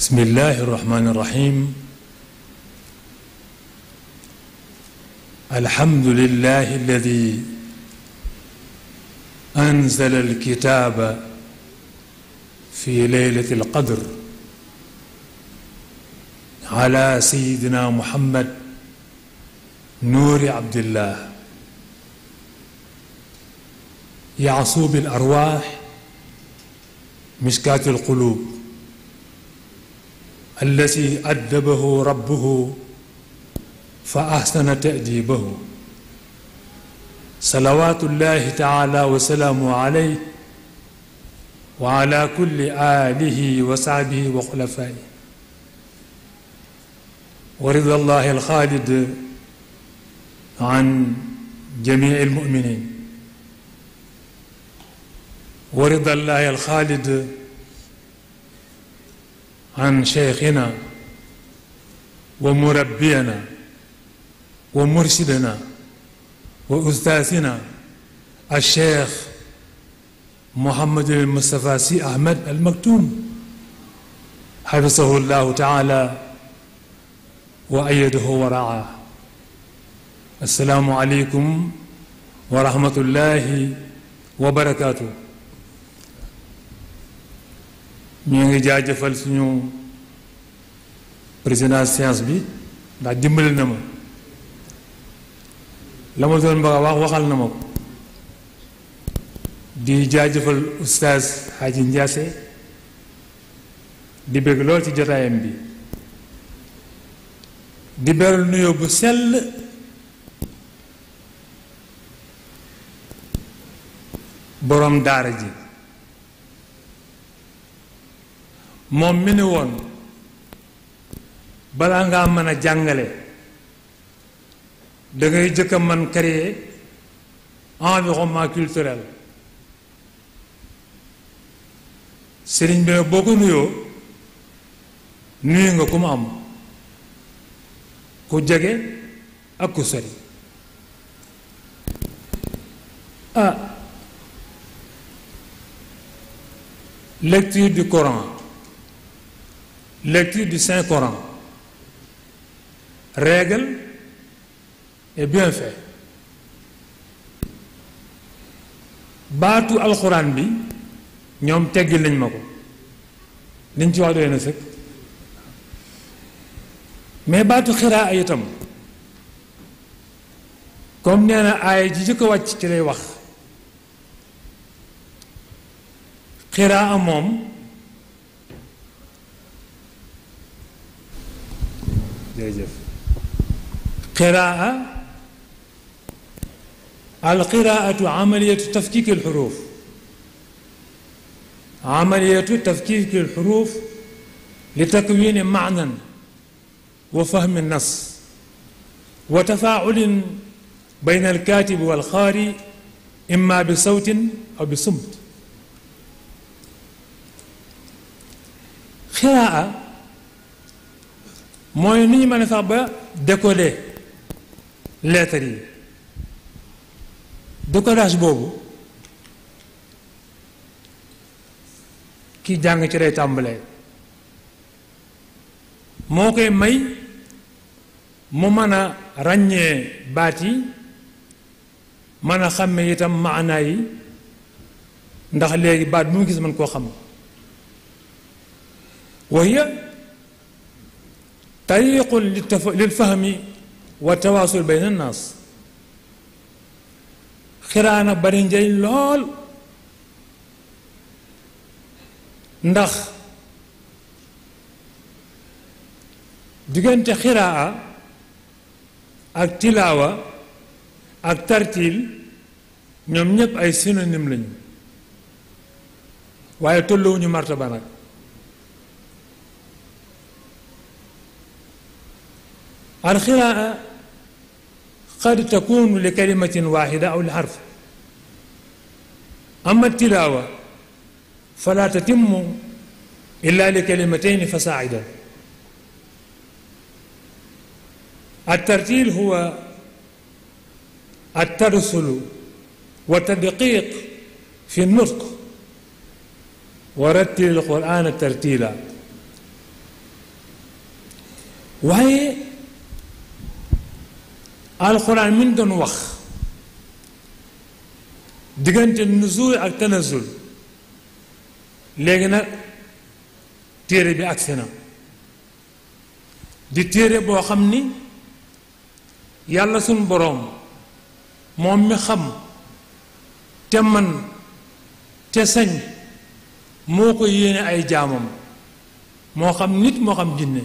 bismillahi irrahmani irrahim alhamdulillahi alladi anzala alkitaba fi leylati alqadr ala sayidina muhammad nuuri abdillah yacsuubi alarwaax miskaati alquluub allazi addabahu rabbuhu fa ahsana ta'dibahu salawaatullahi taala wa salaamu alayhi wa ala kulli aalihi wa sahbihi wa xulafaayi wa ridallahi alxaalid an jamii almuminin wa ridallahi alxaalid عن شيخنا ومربينا ومرشدنا وأستاذنا الشيخ محمد المصطفى سي أحمد المكتوم حفظه الله تعالى وأيده ورعاه السلام عليكم ورحمة الله وبركاته ñu ngi jëfal suñu président séance bi ndax dimbali na ma la ma doon bëgg wax waxal na ma ko di jaajëfal oustaz Hadji Ndiasse di bëgg lool ci jotaayam bi di beral nuyoo bu sell boroom daara ji moom mi ne woon balaa ngaa mën a jàngale dangay jëkk a man créer environnement culturel sëriñ bi boo ko nuyoo nuyu nga ku mu am ku jege ak ku sori ah, lecture du Coran Lecture du Saint-Coran. Règle et bienfait. baatu alxuraan bi ñoom teggil lañ ma ko liñ ci wax doy na sëkk mais baatu xiraa itam comme nee na aaya ji jëkk wàcc ci lay wax xiraa moom jërëjëf qiraa alqiraatu amaliyatu tafkiki alxuruf amaliyatu tafkiki alxuruf li takwini maanan wa fahmi nas wa tafaulin bayn alkaatibi walxaari imma bi sawtin aw bi sumt qiraa mooy nu ñu mën a sax ba décoder lettres yi décodage boobu ki jàng ci lay tàmbalee moo koy may mu mën a ràññee baat yi mën a xàmme itam maanaa yi ndax léegi baat bu mu gis mën koo xam waxiya طريق للفهم والتواصل بين الناس xiraana bari njëriñ lool ndax diggante xiraa ak tilaawa ak tartiil ñoom ñépp ay synonyme lañu waaye tolluwuñu martaba nag القراءة قد تكون لكلمة واحدة أو لحرف أما التلاوة فلا تتم إلا لكلمتين فصاعدا الترتيل هو الترسل والتدقيق في النطق ورتل القرآن ترتيلا وهي alxuraan mi ñu doon wax diggante nuzul ak tanazul léegi nag téere bi aksi na di téere boo xam ni yàlla suñ boroom moom mi xam te man te sañ moo ko yéene ay jaamam moo xam nit moo xam jinne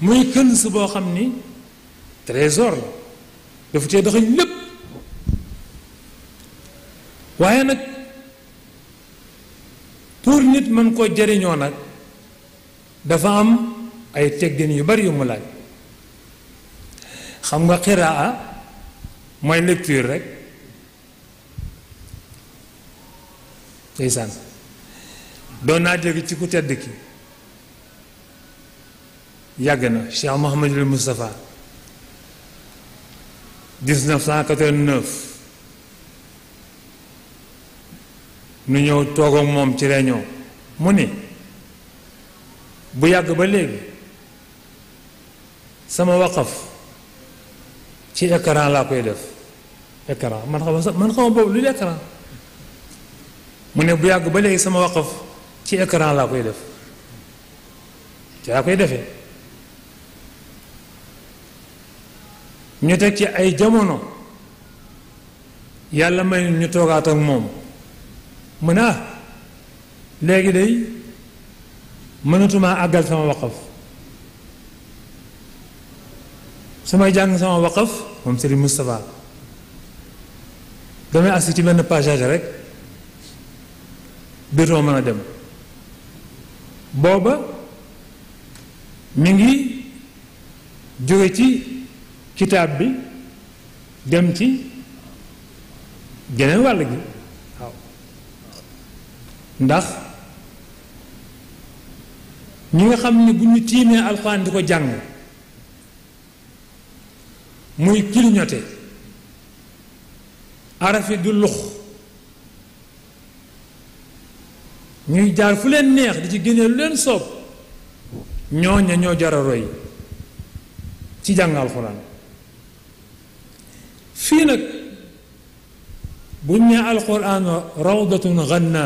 muy këns boo xam ni trésor la dafa cee doxañ lépp waaye nag pour nit mën koo jariñoo nag dafa am ay teggin yu bari yu mu laaj xam nga xiraa mooy lecture rek ndeysaan doon naa dégg ci ku tedd ki yàgg na Cheikh Mouhamadul Moustapha 1989 nu ñëw toog moom ci ñëw mu ni bu yàgg ba léegi sama waqaf ci écran laa koy def écran man xaw ma man xaw ma boobu lu écran mu ne bu yàgg ba léegi sama waqaf ci ecran laa koy def ci laa koy defee ñu teg ci ay jamono yàlla may ñu toogaat ak moom mën ne ah léegi day mënatumaa àggal sama waqaf su may jàng sama waqaf moom Serigne Moustapha damay agsi ci benn passage rek biirtoo mën a dem booba mu ngi jóge ci kitaab bi dem ci geneen wàll gi waaw ndax ñi nga xam ni bu ñu tiimee alxuraan di ko jàng muy clignoté arafi du lux ñuy jaar fu leen neex di ci génne lu leen soob ñooña ñoo jara roy ci jàng alxuraan yi nag buñ ne alquran rawdatun ganna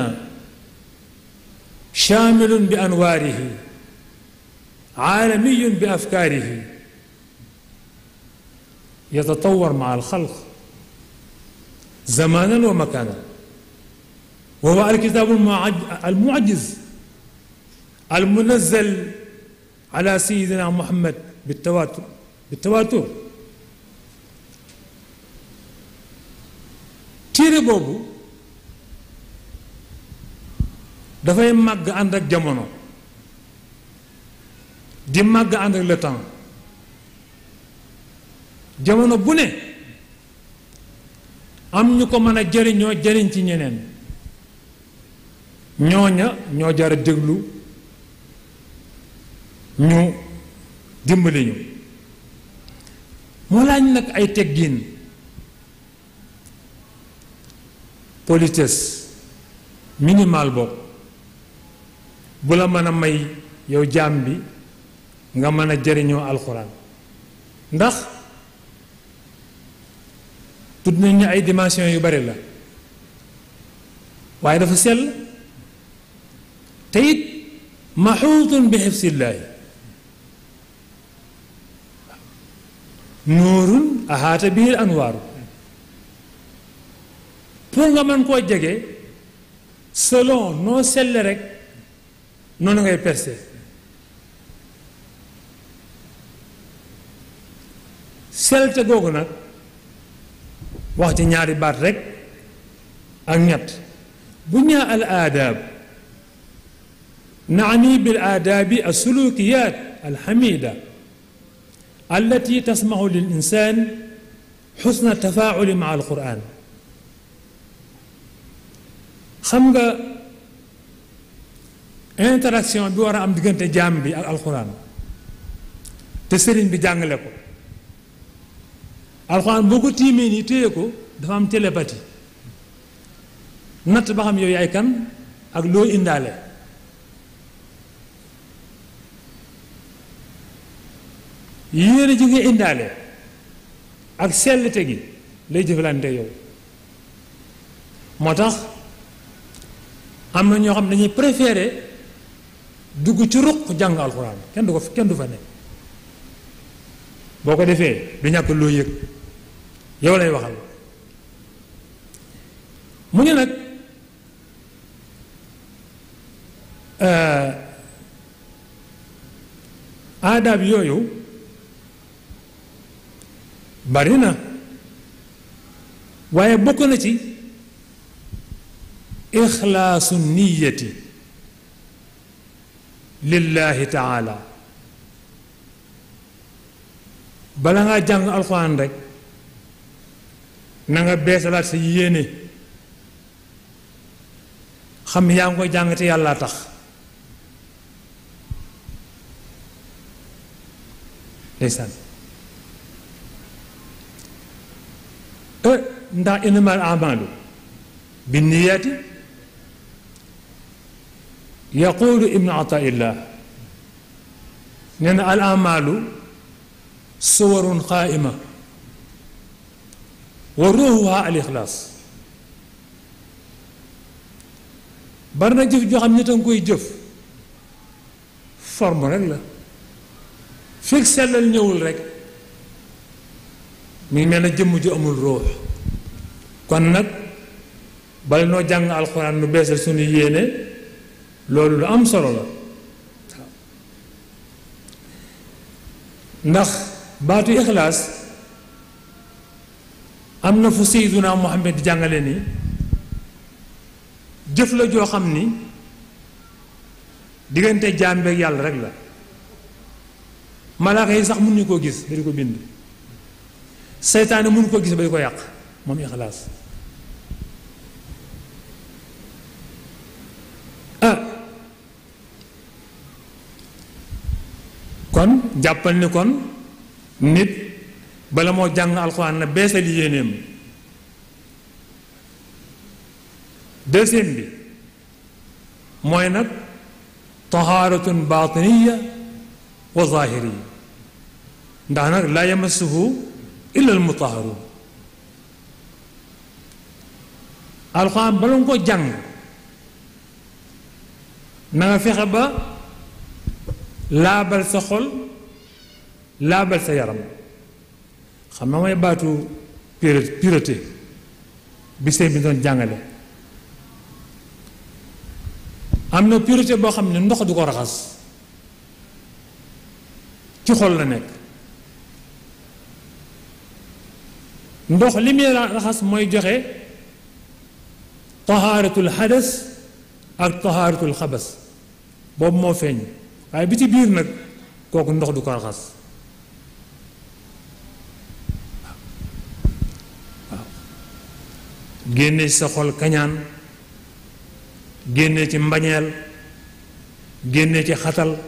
shaamilun bi anwaarihi aalamiyun bi afkaarihi yatatawar ma alxalq zamanan wa makanan wa huwa alkitaabu almuajiz almunazal ala sayidina muhammad بالتواتر بالتواتر téere boobu dafay màgg ànd ak jamono di màgg ànd ak le temps jamono bu ne am ñu ko mën a jariñoo jariñ ci ñeneen ñooña ñoo jara déglu ñu dimbali ñu moo laaj nag ay teggiin polites minimale bokk bu la mën a may yow jaam bi nga mën a jariñoo alxuraan ndax tudd nañ ne ay dimension yu bari la waaye dafa sell te it maxuutun bi xifsillaahi nuurun ahaata bihi anwaaru pour nga mën koo jege selon noo selle rek noonu ngay percer selte googu nag wax ñaari baat rek ak ñett bu ñaa al aadaab naani bil aadaabi asulukiyaat alxamida allati tasmaxu lil insaan xusna tafaaculi ma alquran xam nga interaction bi war a am diggante jaam bi ak alxuraan te sëriñ bi jàngale ko alxuraan boo ko tiimee nii téye ko dafa am télépathie natt ba xam yow yaay kan ak loo indaale yéene ji nga indaale ak sellte gi lay jëflante yow moo tax am na ñoo xam ne dañuy préféré dugg ci ruq jàng alxuraan kenn du ko kenn du fa ne boo ko defee du ñàkk loo yëg yow lay waxal mu ne nag euh, aadaab yooyu bari na waaye bokk na ci ixlaasu niyati lillaahi taala bala ngaa jàng alxuraan rek na nga beesalaat sa yéene xam yaa ngi koy jàng te yàlla tax ndeysaan eh, ndax innamal amalu bi niyaati yaqulu ibnu ataillah nee na al amaalu suwarun qaaima wa ruuxuha al ixlaas bari na jëf joo xam nit koy jëf forme rek la fekk sellal ñëwul rek mu ngi mel na jëmm ju amul ruux kon nag bala noo jàng alxuraan nu beesal suñu yéene loolu lu am solo la ndax baatu ixlaas am na fu Seyduna Muhammad di jàngale ni jëf la joo xam ni diggante jaam beeg yàlla rek la malaaka yi sax mun ñu koo gis ba di ko bind seytaane mun koo gis ba di ko yàq moom ixlaas jàppal ni kon nit bala moo jàng alxuraan na beesal yéeneem deuxième bi mooy nag tahaaratun baatiniya wa zaahiriya ndax nag laa yamassuhu illa al mutahharun bala nga ko jàng nanga fexe ba laabal sa xol laabal sa yaram xam na mooy baatu pureté bi sëñ bi doon jàngale am na pureté boo xam ne ndox du ko raxas ci xol la nekk ndox li muy raxas mooy joxe tahaaratul xadas ak tahaaratul xabas boobu moo feeñ waaye bi ci biir nag kooku ndox du ko raxas génne ci sa xol kañaan génne ci mbañeel génne ci xatal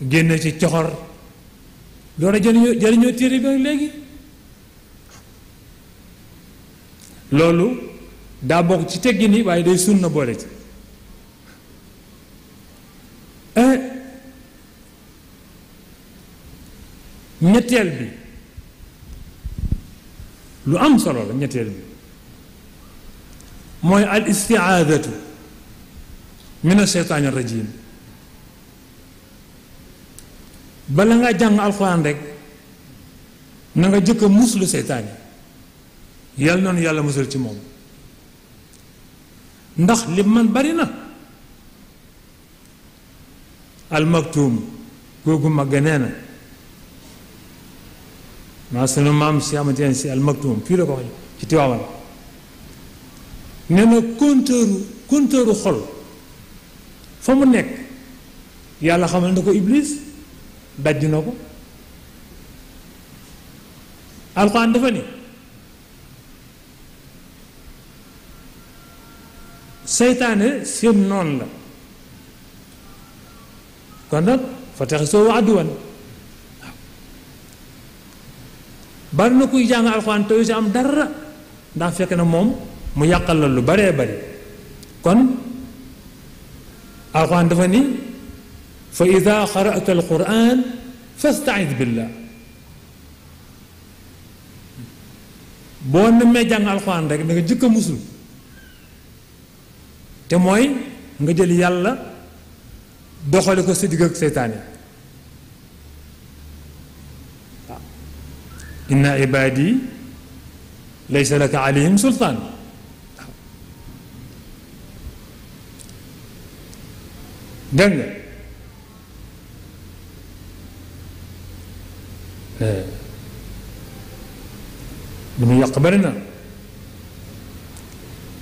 génne ci coxor doona jëriñoo jëriñoo téere bi léegi loolu daa bokk ci teggin yi waaye day na boole ci eh, ñetteel bi lu am solo la ñetteel bi mooy al istiaadatu min asheytaani rajim bala ngaa jàng alxuraan rek na nga jëkk a muslu seytaane yàlla noonu yàlla musal ci moom ndax li man bari na almaktuum googu mag nee na maa sunu maam si amatien si almaktuum fii la ko wax ci Tiwaawan ne na compteuru xol fa mu nekk yàlla xamal na ko iblis dajj na ko alxuraan dafa ne seytaane seen noon la kon nag fa tax soo wax duwan waaw bari na kuy jàng alxuraan te si am dara ndax fekk na moom mu yàqal la lu bare bari kon alxuraan dafa ni fa ida xarata alquran fastaid billah boo nemmee jàng alxuraan rek da nga jëkk a musul te mooy nga jël yàlla doxale ko sa digg ak seytaane waaw inna ibaadi laysa laka alayhim sultaan dégg nga eh. lu mu yàq bari na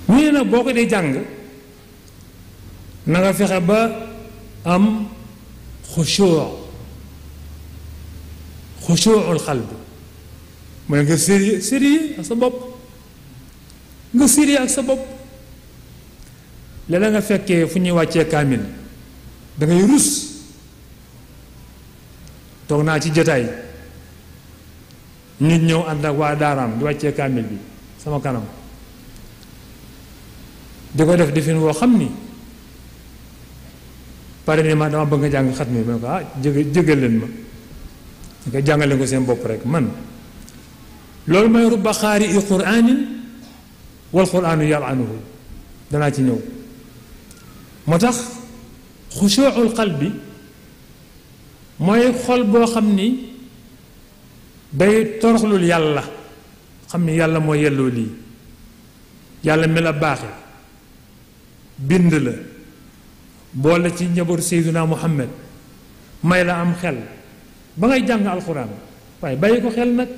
ñu ne nag boo ko dee jàng nanga fexe ba am xushuu xushuul xalb mooy nga série série ak sa bopp nga série ak sa bopp leneen nga fekkee fu ñuy wàccee kaamil da ngay rus toog naa ci jotaay nit ñëw ànd ak waa daaraam di wàccee kaamil bi sama kanam di ko def defin woo xam ni pare ni ma dama bëgg nga jàng xat mi ma ne ko ah jëg jëgal leen ma nga jàngale ko seen bopp rek man loolu may rubba xaari i quraanin wal quraanu yalanuhu danaa ci ñëw moo tax xushuuxul xal bi mooy xol boo xam ni day toroxlul yàlla xam ni yàlla moo yelloo lii yàlla mi la baaxe bind la boole ci njaboot Seydina Muhammad may la am xel ba ngay jàng alxuraan waaye bàyyi ko xel nag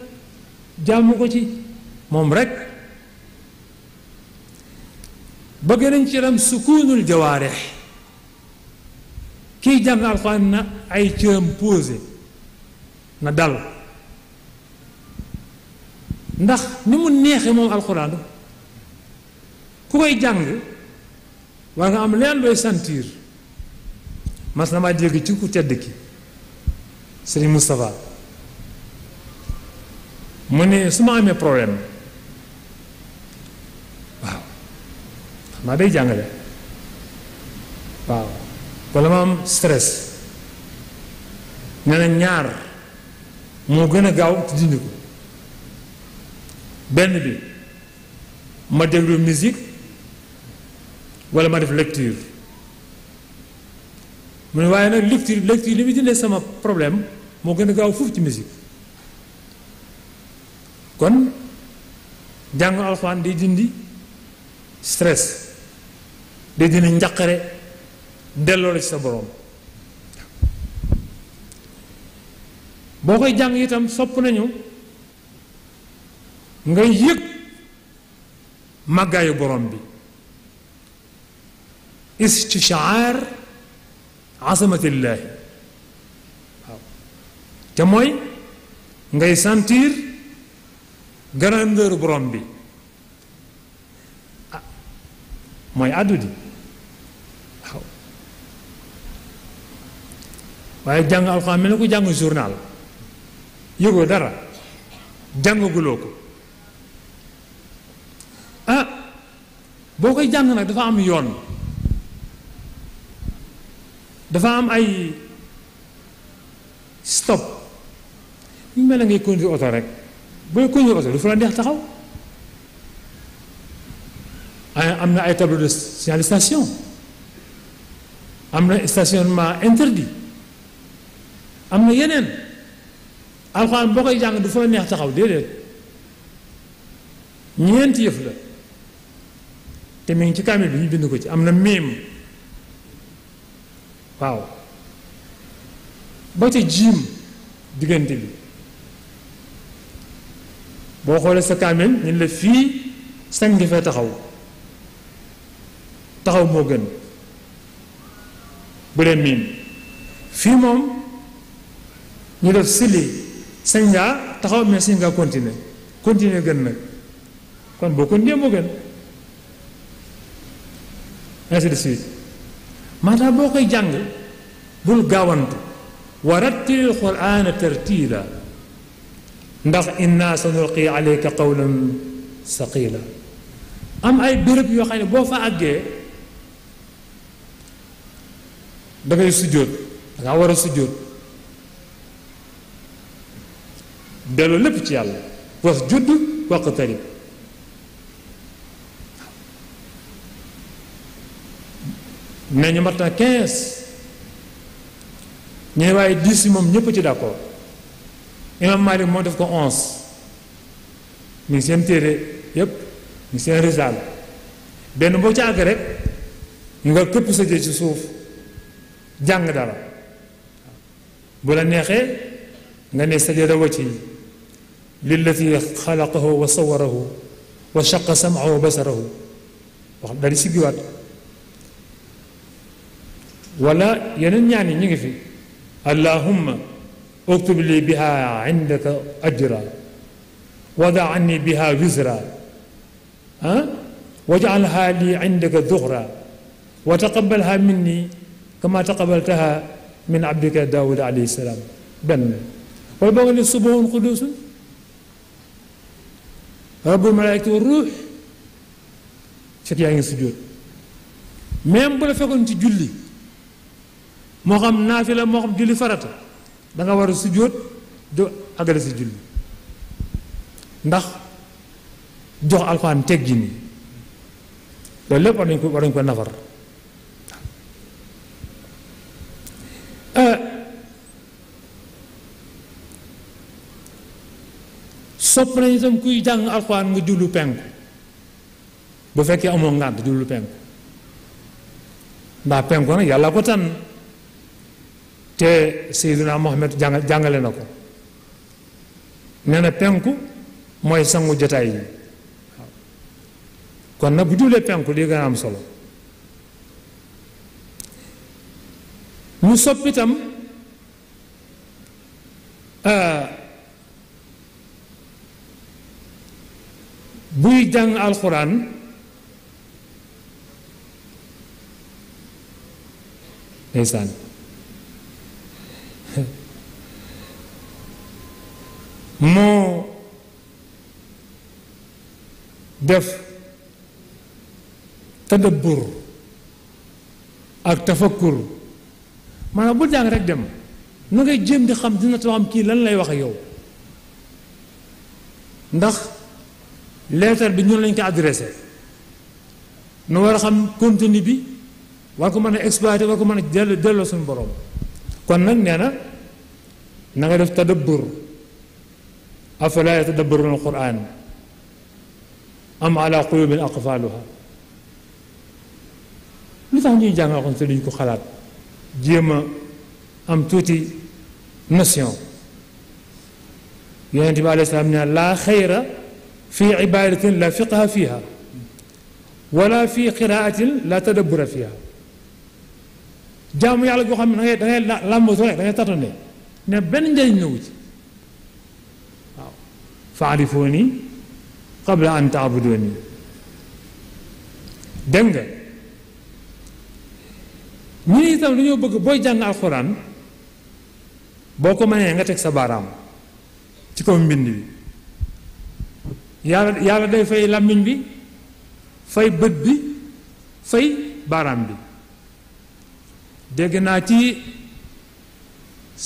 jàmm ko ci moom rekk bëgg nañ ci ram sukuunul jawaareex kiy jàng alxuraan na ay cëram na dal ndax ni mu neexee moom alxuraan ku koy jàng war nga am leen looy sentir mas na maa dégg ci ku tedd ki Serigne Moustapha mu ne su ma amee problème waaw xam naa day jàngale waaw wala ma am stress nee na ñaar moo gën a gaaw te dindi ko benn bi ma déglu musique wala ma def lecture mu ne waaye nag lecture lecture li muy dindee sama problème moo gën a gaaw foofu ci musique kon jàng alxuraan day dindi stress day dindi njaqare delloo la ci sa boroom boo koy jàng itam sopp nañu nga yëg màggaayu boroom bi istishaar azamatillaahi waaw te mooy ngay sentir grandeur boroom bi ah mooy àddu di waaye jàng alxuraan mel na ko jàng journal yëgoo dara jàngaguloo ko ah boo koy jàng nag dafa am yoon dafa am ay stop ñu mel na ngay conduire oto rek booy conduire oto du fa la neex taxaw am na ay tableau de signalisation am na stationnement interdit am na yeneen alxuraan boo koy jàng du fa neex taxaw déedéet ñeenti yëf la te mu ngi ci kaamil bi ñu bind ko ci am na miim waaw ba ca jiim diggante bi boo xoolee sa kaamil ñu la fii sang ngi fee taxaw taxaw moo gën bu dee miim fii moom ñu def sili sañ ngaa taxaw mais sañ ngaa continuer continuer gën nag kon boo continuer moo gën ainsi de suite maanaam boo koy jàng bul gaawantu wa rattilil quraana tartiila ndax inna sanulqi alayka qawlan saqila am ay béréb yoo xam ne boo fa àggee da ngay sujjóot da ngaa war a sujjóot delloo lépp ci yàlla was judd waqtarib nee ñu mat na quinze ñu ne waaye dix yi moom ñépp ci d'accord imam Malik moo def ko onze mi ngi seen téere yépp mi seen risaal benn boo ci àgg rek nga këpp sa ci suuf jàng dara bu la neexee nga ne sajada wacc yi lilladi xalaqahu wa sawarahu wa shaqa sam'ahu wa basarahu wax dal di siggiwaat wala yeneen ñaan yi ñu ngi fi allahumma uktub li biha indaka ajra wada anni biha wizra ah waj'alha li indaka duxra wa taqabbalha minni kama taqabbaltaha min abdika daawud alayhi salaam benn wala boo nga ne subhun qudusun rabbul malaayikati wa ruux set yaa ngi sujjóot même bu la fekkoon ci julli moo xam naafila moo xam julli farata danga war a sujjóot do agale si julli ndax jox alxuraan teggi ni loolu lépp war nañ ko war nañ ko nafar ah, sopp nañu tam kuy jàng alxuraan nga jublu penku bu fekkee amoon ngànt jublu penku ndax penku nag yàlla ko tànn te Seydina Mohamed jàngale na ko nee na penku mooy sangu jotaay yi kon nag bu jublee penku lii gën a am solo mu soppitam euh, buy jàng alxuraan ndeysaan moo def tadabbur ak tafakkur maanaam bu jàng rek dem na ngay jéem di xam dina too xam kii lan lay wax yow ndax leetar bi ñun lañ ko adressé nu war a xam contenu bi war ko mën a exploité war ko mën a delloo delloo suñu borom kon nag nee na na nga def tadabbur afala yatadabbaruna alquran am ala qulubin aqfaluha lu tax ñuy jàng alquran te duñ ko xalaat jéem a am tuuti notion yonente bi alayhi salaam ne laa xayra في عبادة لا فقه فيها fi qiraatin la tadabbura yàlla goo xam ne da ngay da ngay làmbatoo rek da ngay tatone ne benn qabla an taabudooni dégg nga ñu ne itam dañoo bëgg booy jàng alxuraan boo ko mënee nga teg sa baaraam ci kaw mbind bi yàlla yàlla day fay làmmiñ bi fay bët bi fay baaraam bi dégg naa ci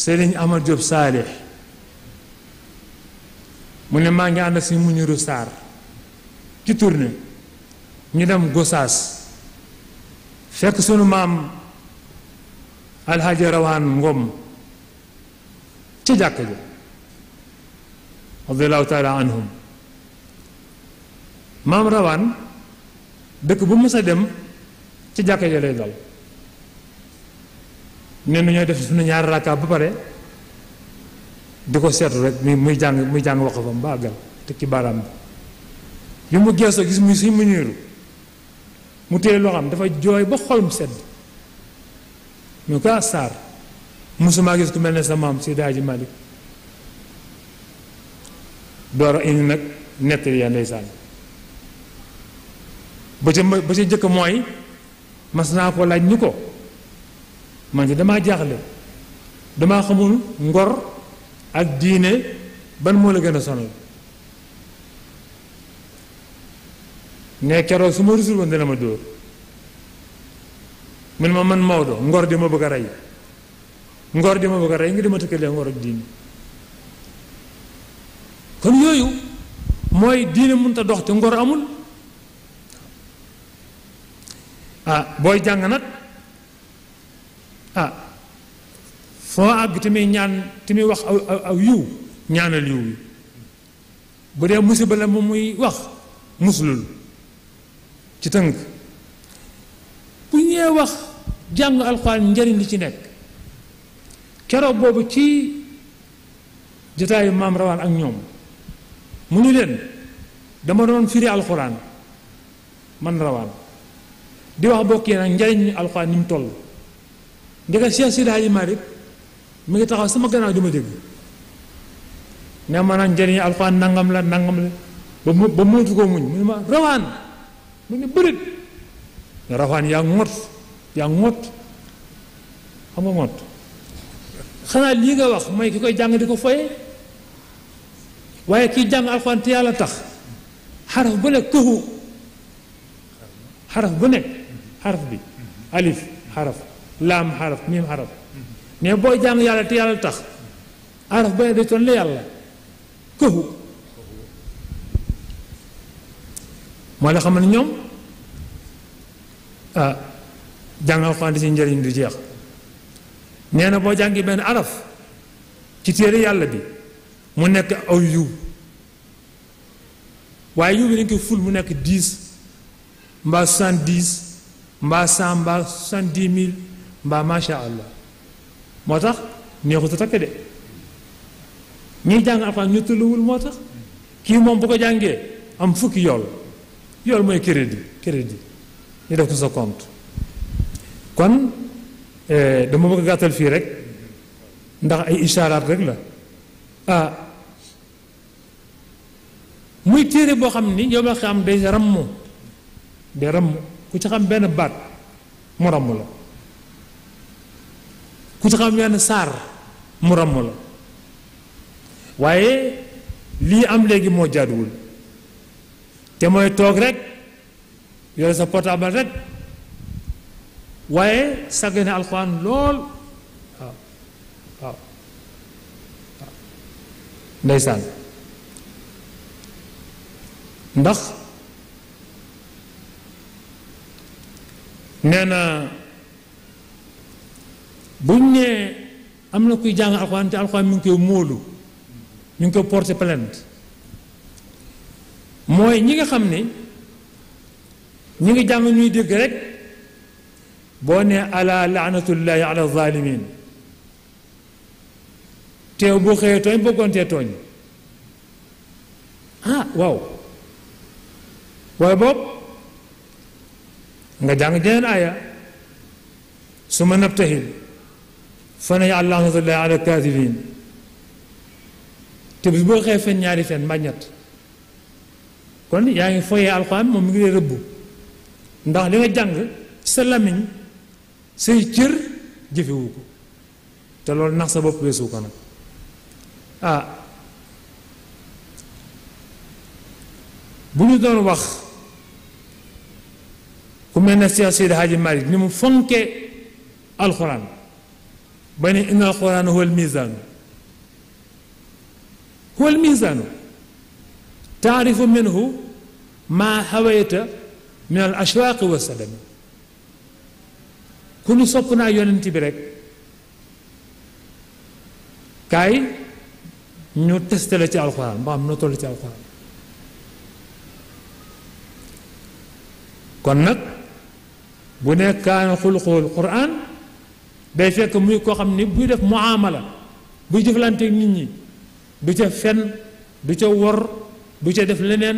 Serigne Amad Diop Saalix mu ne maa ngi ànd si Mounirou Sarr ci tournée ñu dem Gosaas fekk sunu maam Alhaji Rawaan Ngom ci jàkk ja radiyallahu taala anhum maam rawaan dëkk bu mës a dem ci jàkka ja lay dal ne nu ñooy def suñu ñaari rakka ba pare di ko seetu rek muy muy jàng muy jàng wax fam ba àggal te ci baaraam bi bi mu geesoo gis mu si mu niiru mu téye loo xam dafa jooy ba xolum sedd mu ko ah, saar mosumaa gis ku mel ne sa maam si daaji Malik door indi nag nettali ya ndeysaan ba ca ba ca njëkk mooy mas naa ko laaj ni ko man de damaa jaaxle damaa xamul ngor ak diine ban moo la gën a sonal ne keroog su ma rusul woon dana ma dóor mu ma man Maodo ngor di ma bëgg a rey ngor di ma bëgg a rey nga di ma tëkkalee ngor ak diine kon yooyu mooy diine mënut a dox te ngor amul ah booy jàng nag ah foo àgg te muy ñaan te muy wax aw aw yiw ñaanal yiw yi bu dee musiba la moom muy wax muslul ci tënk bu ñee wax jàng alxuraan njëriñ li ci nekk keroog boobu ci jotaayu maam rawaan ak ñoom mu ni leen dama doon firi alxuraan man rawaan di wax bokk yi nag njariñ alxuraan ni mu toll ndeke Cheikh Sidi Hadji ngi taxaw sama gannaaw di ma dégg ne ma nag njariñ alxuraan nangam la nangam la ba mu ba mënatu ko muñ mu ne ma rawaan mu ne bërit rawaan yaa ngot yaa ngot xam nga ngot xanaa lii nga wax mooy ki koy jàng di ko foye waaye kii jàng alxuraan te yàlla tax xaraf bu nekk këhu xaraf bu nekk xaraf bi alif xaraf laam xaraf miim xaraf mais booy jàng yàlla te yàlla tax xaraf ba ne day toon la yàlla këhu moo la xam ne ñoom ah jàng alxuraan di ci njëriñ du jeex nee na boo jàngi benn araf ci téere yàlla bi mu nekk aw yiw waaye yiw bi dañ koy ful mu nekk dix mbaa soixante-dix mba cent mbaa soixante-dix mille mbaa macha allah moo tax neexut a takk de ñiy jàng alxuraan ñu tëlluwul moo tax kii moom bu ko am fukki yool yool mooy crédit crédit ñu def ko sa compte kon eh, dama bëgg gàttal fii rek ndax ay ishaaraat rek la ah muy téere boo xam ni yow ma xam day ramm day ramm ku ci xam benn baat moroom la ku ci xam benn saar moroom la waaye lii am léegi moo jaaduwul te mooy toog rek yooyu sa portable rek waaye sàggane alxuraan lool waaw ndeysaan ndax nee na buñ nee am na kuy jàng alxuraan te alxuraan mi ngi koy móolu ñu ngi koy porter plainte mooy ñi nga xam ne ñu ngi jàng ñuy dégg rek boo nee ala laanatullahi ala zalimin teew boo xëyee tooñ bëggoontee tooñ ah waaw waaye boobu nga jàng jeneen aaya su ma nabtahil fa naj'al la'nata llaahi ala kaadibiin te bis boo xëyee fen ñaari fen mbaa ñett kon yaa ngi foyee alxuraan moom mi ngi lay rëbbu ndax li nga jàng sa lamiñ say cër jëfewu ko te loolu nax sa bopp weesu ko nag ah bu ñu doon wax ku mel ne Cheikh Seydi Hadji Malick ni mu fonkee alxuraan ba ne inna alxuraan huwa almizaanu huwa minhu maa hawayta min al wa sadami ku nu sopp naa yonent bi rek kaay ñu testé la ci alxuraan ba am ci alxuraan kon nag bu nekk kaana xulqul quran day fekk muy koo xam ni buy def muamala buy jëflanteeg nit ñi du ca fen du ca wor du ca def leneen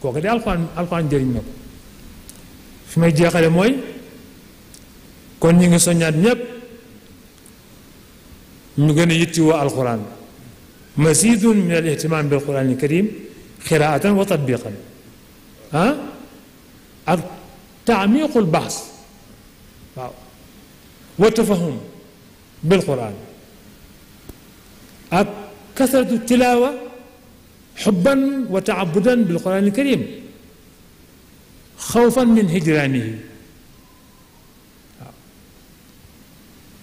kooku de alxuraan alxuraan jëriñ na ko fi may jeexale mooy kon ñu ngi soññaat ñépp ñu gën a yittiwoo alxuraan masidun min al ihtimam bil quran al karim xiraatan wa tatbiqan ah ak taamiqul bahs والتفهم بالقرآن ak kasratu tilaawa xubban wa taabudan bil quraan al karim xawfan min hijraanihi waaw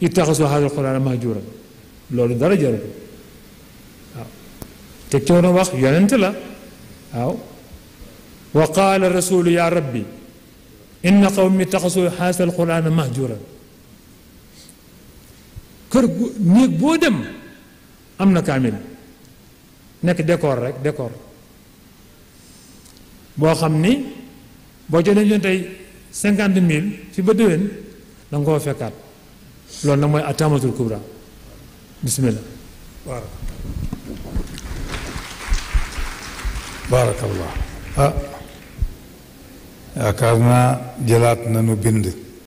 ittaxasu haadal quraan mahjuuran loolu dara jarul waaw te ki waroon wax yonent la waaw wa qaala rasuulu yaa rabbi inna qawmi ittaxasu haadal quraan mahjuuran kër gu néeg boo dem am na kaamil nekk décor rek décor boo xam ni boo jëlee ñu tey cinquante mille fi ba déwén da nga koo fekkaat loolu nag mooy atamatul kubra bismillah waaw baarakallah ah, yaakaar naa jëlaat nañu bind